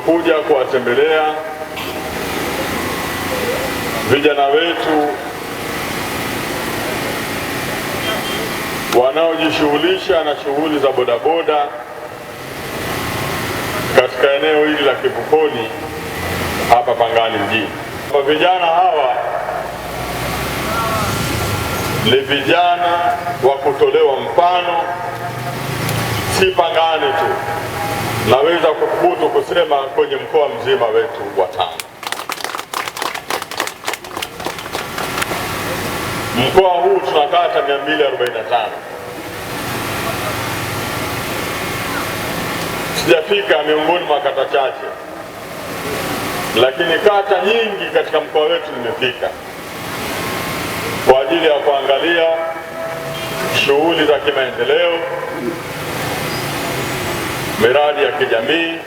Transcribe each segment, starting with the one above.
tumekuja kuwatembelea vijana wetu wanaojishughulisha na shughuli za bodaboda katika eneo hili la Kivukoni hapa Pangani mjini. Kwa vijana hawa ni vijana wa kutolewa mfano, si Pangani tu naweza kuthubutu kusema kwenye mkoa mzima wetu wa Tanga. Mkoa huu tuna kata 245. Sijafika miongoni mwa kata chache, lakini kata nyingi katika mkoa wetu nimefika kwa ajili ya kuangalia shughuli za kimaendeleo miradi ya kijamii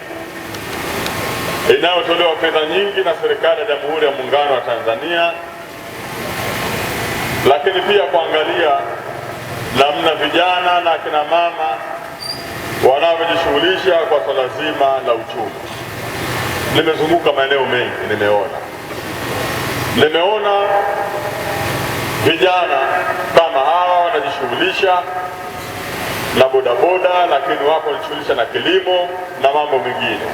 inayotolewa fedha nyingi na serikali ya Jamhuri ya Muungano wa Tanzania, lakini pia kuangalia namna vijana na kina mama wanavyojishughulisha kwa swala zima la uchumi. Nimezunguka maeneo mengi, nimeona nimeona vijana kama hawa wanajishughulisha na bodaboda, lakini wako wanajishughulisha na kilimo na mambo mengine,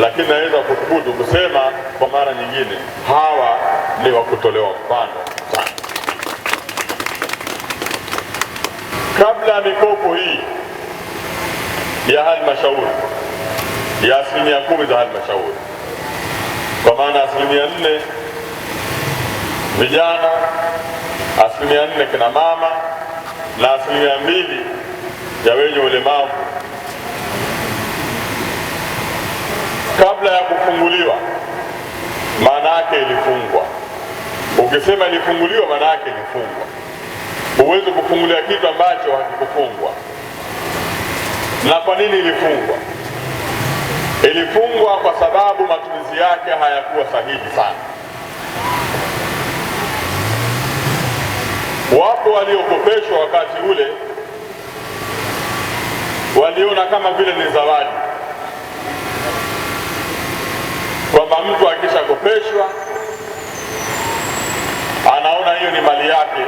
lakini naweza kuthubutu kusema kwa mara nyingine, hawa ni wa kutolewa mfano sana. Kabla ya mikopo hii ya halmashauri ya asilimia kumi za halmashauri, kwa maana asilimia nne vijana, asilimia nne kina mama na asilimia mbili ya wenye ulemavu kabla ya kufunguliwa, maana yake ilifungwa. Ukisema ilifunguliwa, maana yake ilifungwa. Huwezi kufungulia kitu ambacho hakikufungwa. Na kwa nini ilifungwa? Ilifungwa kwa sababu matumizi yake hayakuwa sahihi sana. Wapo waliokopeshwa wakati ule waliona kama vile ni zawadi kwamba mtu akishakopeshwa anaona hiyo ni mali yake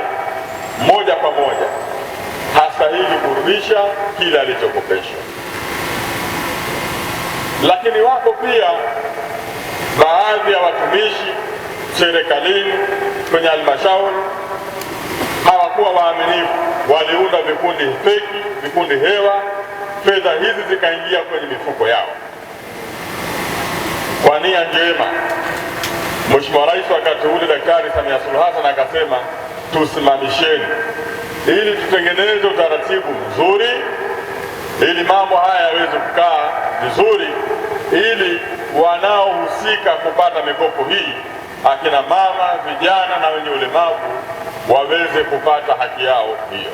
moja kwa moja, hastahili kurudisha kile alichokopeshwa. Lakini wako pia baadhi ya watumishi serikalini, kwenye halmashauri hawakuwa waaminifu, waliunda vikundi feki, vikundi hewa, fedha hizi zikaingia kwenye mifuko yao kwa nia njema. Mheshimiwa Rais wakati ule Daktari Samia Suluhu Hassan akasema tusimamisheni, ili tutengeneze utaratibu mzuri, ili mambo haya yaweze kukaa vizuri, ili wanaohusika kupata mikopo hii akina mama, vijana na wenye ulemavu waweze kupata haki yao hiyo.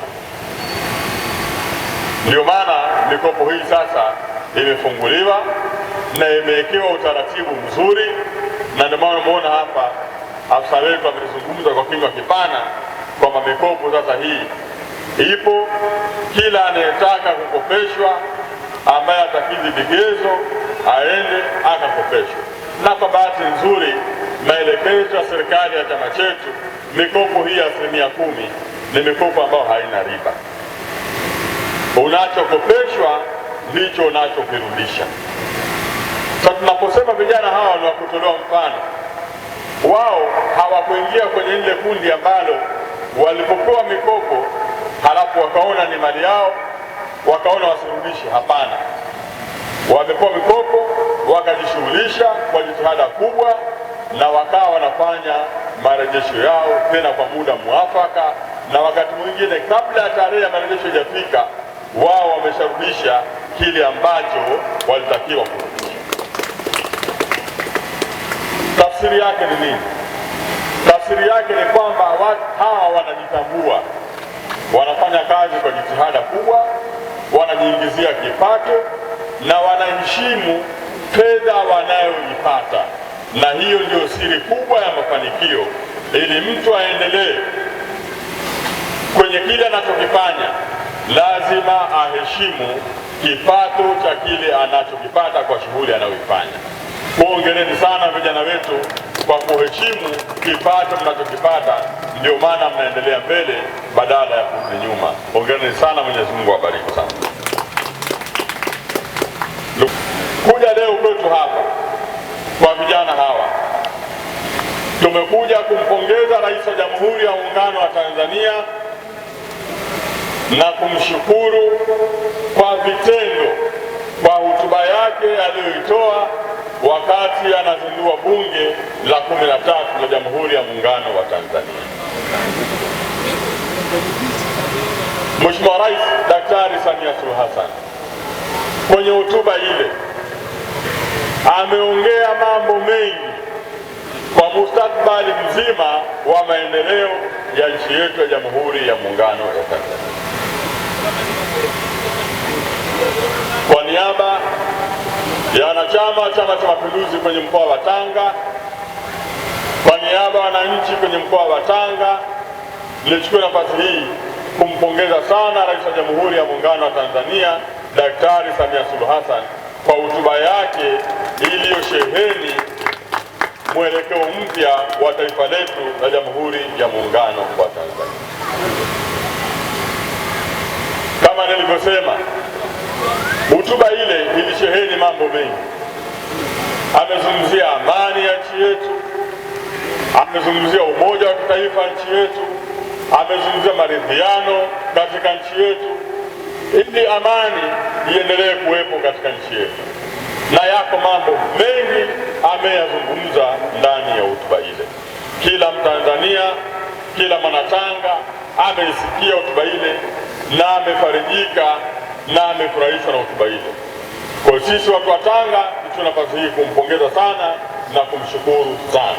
ndio maana mikopo hii sasa imefunguliwa na imewekewa utaratibu mzuri, na ndio maana umeona hapa afisa wetu amezungumza kwa kinywa kipana kwamba mikopo sasa hii ipo, kila anayetaka kukopeshwa ambaye atakidhi vigezo aende akakopeshwa. Na kwa bahati nzuri maelekezo ya serikali ya chama chetu mikopo hii ya asilimia kumi ni mikopo ambayo haina riba. Unachokopeshwa ndicho unachokirudisha. Sasa tunaposema vijana hawa ni wakutolewa mfano, wao hawakuingia kwenye lile kundi ambalo walipopewa mikopo halafu wakaona ni mali yao wakaona wasirudishe. Hapana, wamepewa mikopo wakajishughulisha kwa jitihada kubwa na wakawa wanafanya marejesho yao tena kwa muda mwafaka, na wakati mwingine kabla ya tarehe ya marejesho ijafika, wao wamesharudisha kile ambacho walitakiwa kurudisha. Tafsiri yake ni nini? Tafsiri yake ni kwamba watu hawa wanajitambua, wanafanya kazi kwa jitihada kubwa, wanajiingizia kipato na wanaheshimu fedha wanayoipata na hiyo ndio siri kubwa ya mafanikio, ili mtu aendelee kwenye kile anachokifanya, lazima aheshimu kipato cha kile anachokipata kwa shughuli anayoifanya. Hongereni sana vijana wetu kwa kuheshimu kipato mnachokipata, ndio maana mnaendelea mbele badala ya kurudi nyuma. Hongereni sana, Mwenyezi Mungu awabariki sana. Kuja leo kwetu hapa kwa vijana hawa. Tumekuja kumpongeza Rais wa Jamhuri ya Muungano wa Tanzania na kumshukuru kwa vitendo kwa hotuba yake aliyoitoa wakati anazindua Bunge la kumi na tatu la Jamhuri ya Muungano wa Tanzania. Mheshimiwa Rais Daktari Samia Suluhu Hassan kwenye hotuba ile ameongea mambo mengi kwa mustakbali mzima wa maendeleo ya nchi yetu ya Jamhuri ya Muungano wa Tanzania. Kwa niaba ya wanachama Chama cha Mapinduzi kwenye mkoa wa Tanga, kwa niaba ya wananchi kwenye mkoa wa Tanga, nilichukua nafasi hii kumpongeza sana Rais wa Jamhuri ya Muungano wa Tanzania Daktari Samia Suluhu Hassan kwa hotuba yake iliyosheheni mwelekeo mpya wa taifa letu la Jamhuri ya Muungano wa Tanzania. Kama nilivyosema, hotuba ile ilisheheni mambo mengi. Amezungumzia amani ya nchi yetu, amezungumzia umoja wa kitaifa nchi yetu, amezungumzia maridhiano katika nchi yetu ili amani iendelee kuwepo katika nchi yetu, na yako mambo mengi ameyazungumza ndani ya hotuba ile. Kila Mtanzania, kila mwanatanga ameisikia hotuba ile na amefarijika na amefurahishwa na hotuba ile. Kwa sisi watu wa Tanga tuna nafasi hii kumpongeza sana na kumshukuru sana.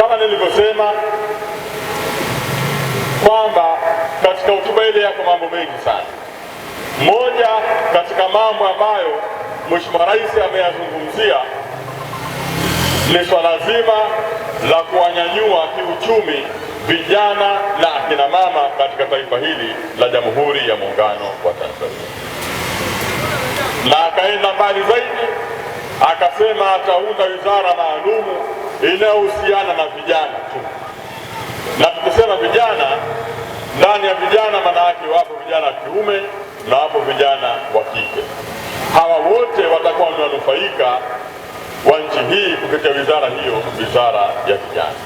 Kama nilivyosema kwamba hotuba ile yako mambo mengi sana. Moja katika mambo ambayo Mheshimiwa Rais ameyazungumzia ni swala zima la kuwanyanyua kiuchumi vijana na akina mama katika taifa hili la Jamhuri ya Muungano wa Tanzania, na akaenda mbali zaidi akasema ataunda wizara maalumu inayohusiana na vijana tu, na tukisema vijana ndani ya vijana, maana yake wapo vijana wa kiume na wapo vijana wa kike. Hawa wote watakuwa ni wanufaika wa nchi hii kupitia wizara hiyo, wizara ya vijana.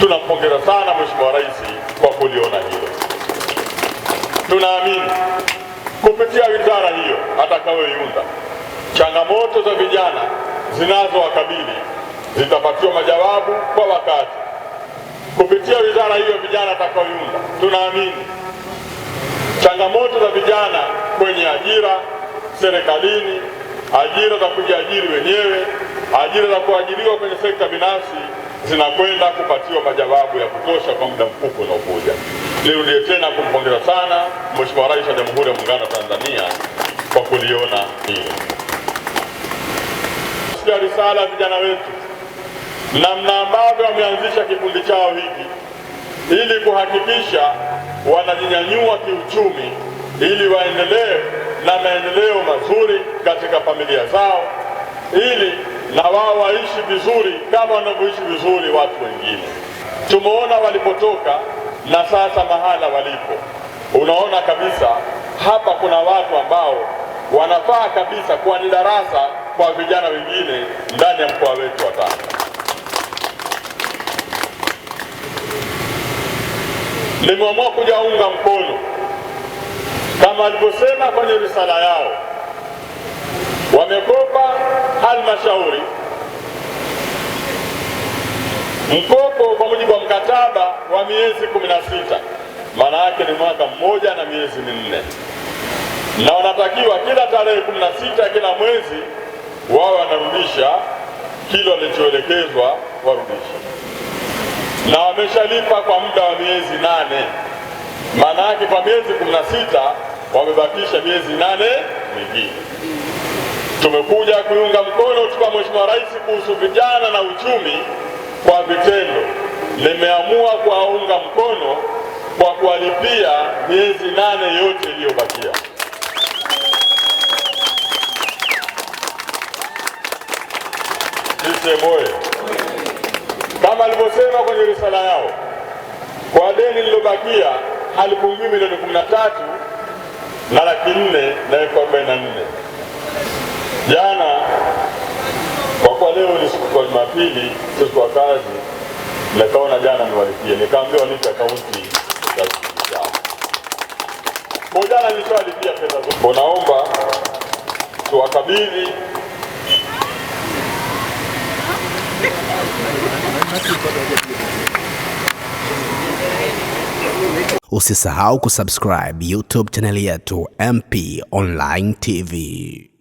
Tunampongeza sana Mheshimiwa Rais kwa kuliona hilo. Tunaamini kupitia wizara hiyo atakayoiunda, changamoto za vijana zinazowakabili zitapatiwa majawabu kwa wakati kupitia wizara hiyo vijana atakaoiunda, tunaamini changamoto za vijana kwenye ajira serikalini, ajira za kujiajiri wenyewe, ajira za kuajiriwa kwenye sekta binafsi zinakwenda kupatiwa majawabu ya kutosha kwa muda mfupi unaokuja. Nirudie tena kumpongeza sana Mheshimiwa Rais wa Jamhuri ya Muungano wa Tanzania kwa kuliona hilo. Risala vijana wetu namna ambavyo wameanzisha kikundi chao hiki ili kuhakikisha wanajinyanyua kiuchumi ili waendelee na maendeleo mazuri katika familia zao ili na wao waishi vizuri kama wanavyoishi vizuri watu wengine. Tumeona walipotoka na sasa mahala walipo, unaona kabisa hapa kuna watu ambao wanafaa kabisa kuwa ni darasa kwa vijana wengine ndani ya mkoa wetu wa Tanga. limeamua kujaunga mkono kama alivyosema kwenye risala yao, wamekopa halmashauri mkopo kwa mujibu wa mkataba wa miezi kumi na sita maana yake ni mwaka mmoja na miezi minne, na wanatakiwa kila tarehe kumi na sita kila mwezi wawe wanarudisha kilo walichoelekezwa warudisha na wameshalipa kwa muda wa miezi nane. Maana yake kwa miezi kumi na sita wamebakisha miezi nane mingine. Tumekuja kuiunga mkono hotuba Mheshimiwa Rais kuhusu vijana na uchumi kwa vitendo. Nimeamua kuwaunga mkono kwa kuwalipia miezi nane yote iliyobakia. Sisi moyo kama alivyosema kwenye risala yao, kwa deni lilobakia halipungui milioni kumi na tatu na laki nne na elfu arobaini na nne. Jana kwa kuwa leo ni siku ya Jumapili, siku ya kazi, nikaona jana niwalipie, nikaambiwa nipe akaunti ya kwa jana, nilishawalipia pesa zote. Naomba tuwakabidhi Usisahau kusubscribe YouTube channel yetu MP Online TV.